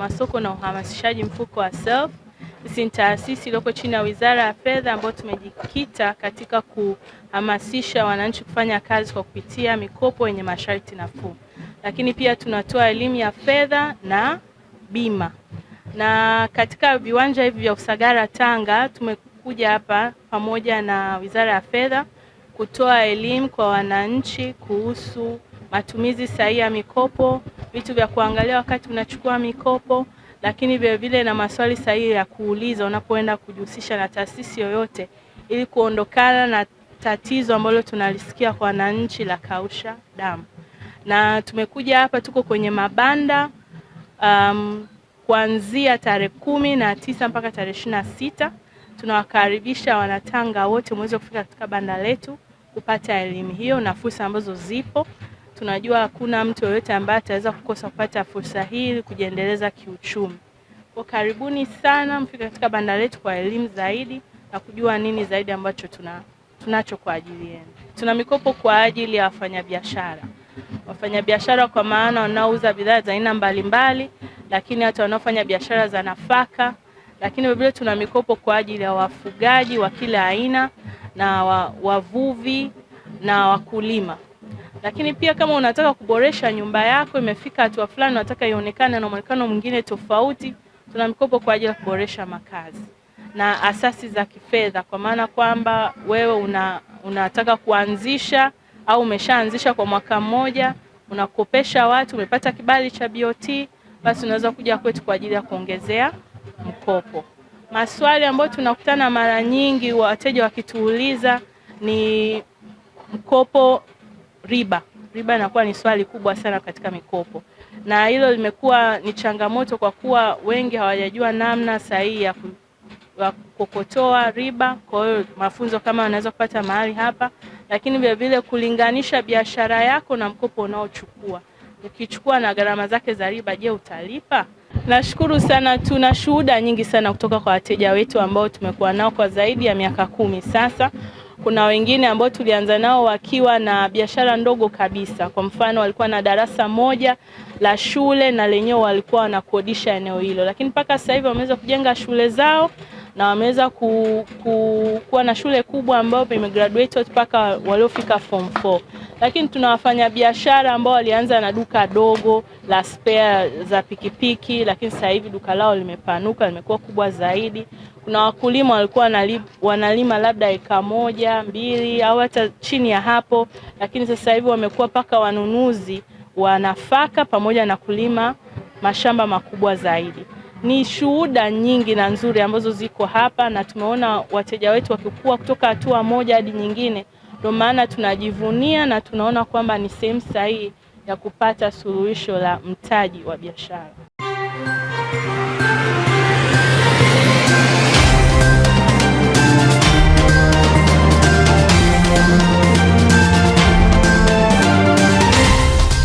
masoko na uhamasishaji. Mfuko wa Self sisi ni taasisi iliyoko chini ya Wizara ya Fedha ambayo tumejikita katika kuhamasisha wananchi kufanya kazi kwa kupitia mikopo yenye masharti nafuu, lakini pia tunatoa elimu ya fedha na bima. Na katika viwanja hivi vya Usagara Tanga, tumekuja hapa pamoja na Wizara ya Fedha kutoa elimu kwa wananchi kuhusu matumizi sahihi ya mikopo vitu vya kuangalia wakati unachukua mikopo, lakini vilevile na maswali sahihi ya kuuliza unapoenda kujihusisha na taasisi yoyote, ili kuondokana na tatizo ambalo tunalisikia kwa wananchi la kausha damu. Na tumekuja hapa, tuko kwenye mabanda um, kuanzia tarehe kumi na tisa mpaka tarehe ishirini na sita. Tunawakaribisha Wanatanga wote mweze kufika katika banda letu kupata elimu hiyo na fursa ambazo zipo tunajua hakuna mtu yoyote ambaye ataweza kukosa kupata fursa hii kujiendeleza kiuchumi. Kwa karibuni sana, mfike katika banda letu kwa elimu zaidi na kujua nini zaidi ambacho tuna tunacho kwa ajili yenu. Tuna mikopo kwa ajili ya wafanyabiashara, wafanyabiashara kwa maana wanaouza bidhaa za aina mbalimbali, lakini hata wanaofanya biashara za nafaka, lakini vilevile tuna mikopo kwa ajili ya wafugaji wa kila aina na wavuvi na wakulima. Lakini pia kama unataka kuboresha nyumba yako, imefika hatua fulani, unataka ionekane na mwonekano mwingine tofauti, tuna mikopo kwa ajili ya kuboresha makazi na asasi za kifedha, kwa maana kwamba wewe una, unataka kuanzisha au umeshaanzisha kwa mwaka mmoja, unakopesha watu, umepata kibali cha BOT, basi unaweza kuja kwetu kwa ajili ya kuongezea mkopo. Maswali ambayo tunakutana mara nyingi wateja wakituuliza ni mkopo riba. Riba inakuwa ni swali kubwa sana katika mikopo, na hilo limekuwa ni changamoto kwa kuwa wengi hawajajua namna sahihi ya kukokotoa riba. Kwa hiyo mafunzo kama wanaweza kupata mahali hapa, lakini vilevile kulinganisha biashara yako na mkopo unaochukua ukichukua na gharama zake za riba, je, utalipa? Nashukuru sana, tuna shuhuda nyingi sana kutoka kwa wateja wetu ambao tumekuwa nao kwa zaidi ya miaka kumi sasa. Kuna wengine ambao tulianza nao wakiwa na biashara ndogo kabisa, kwa mfano walikuwa na darasa moja la shule na lenyewe walikuwa wanakodisha eneo hilo, lakini mpaka sasa hivi wameweza kujenga shule zao na wameweza ku, ku, kuwa na shule kubwa ambayo imegraduate mpaka waliofika form 4 lakini tuna wafanyabiashara ambao walianza na duka dogo la spare za pikipiki, lakini sasa hivi duka lao limepanuka limekuwa kubwa zaidi. Kuna wakulima walikuwa wanalima labda eka moja mbili au hata chini ya hapo, lakini sasa hivi wamekuwa mpaka wanunuzi wa nafaka pamoja na kulima mashamba makubwa zaidi. Ni shuhuda nyingi na nzuri ambazo ziko hapa, na tumeona wateja wetu wakikua kutoka hatua moja hadi nyingine. Ndio maana tunajivunia na tunaona kwamba ni sehemu sahihi ya kupata suluhisho la mtaji wa biashara.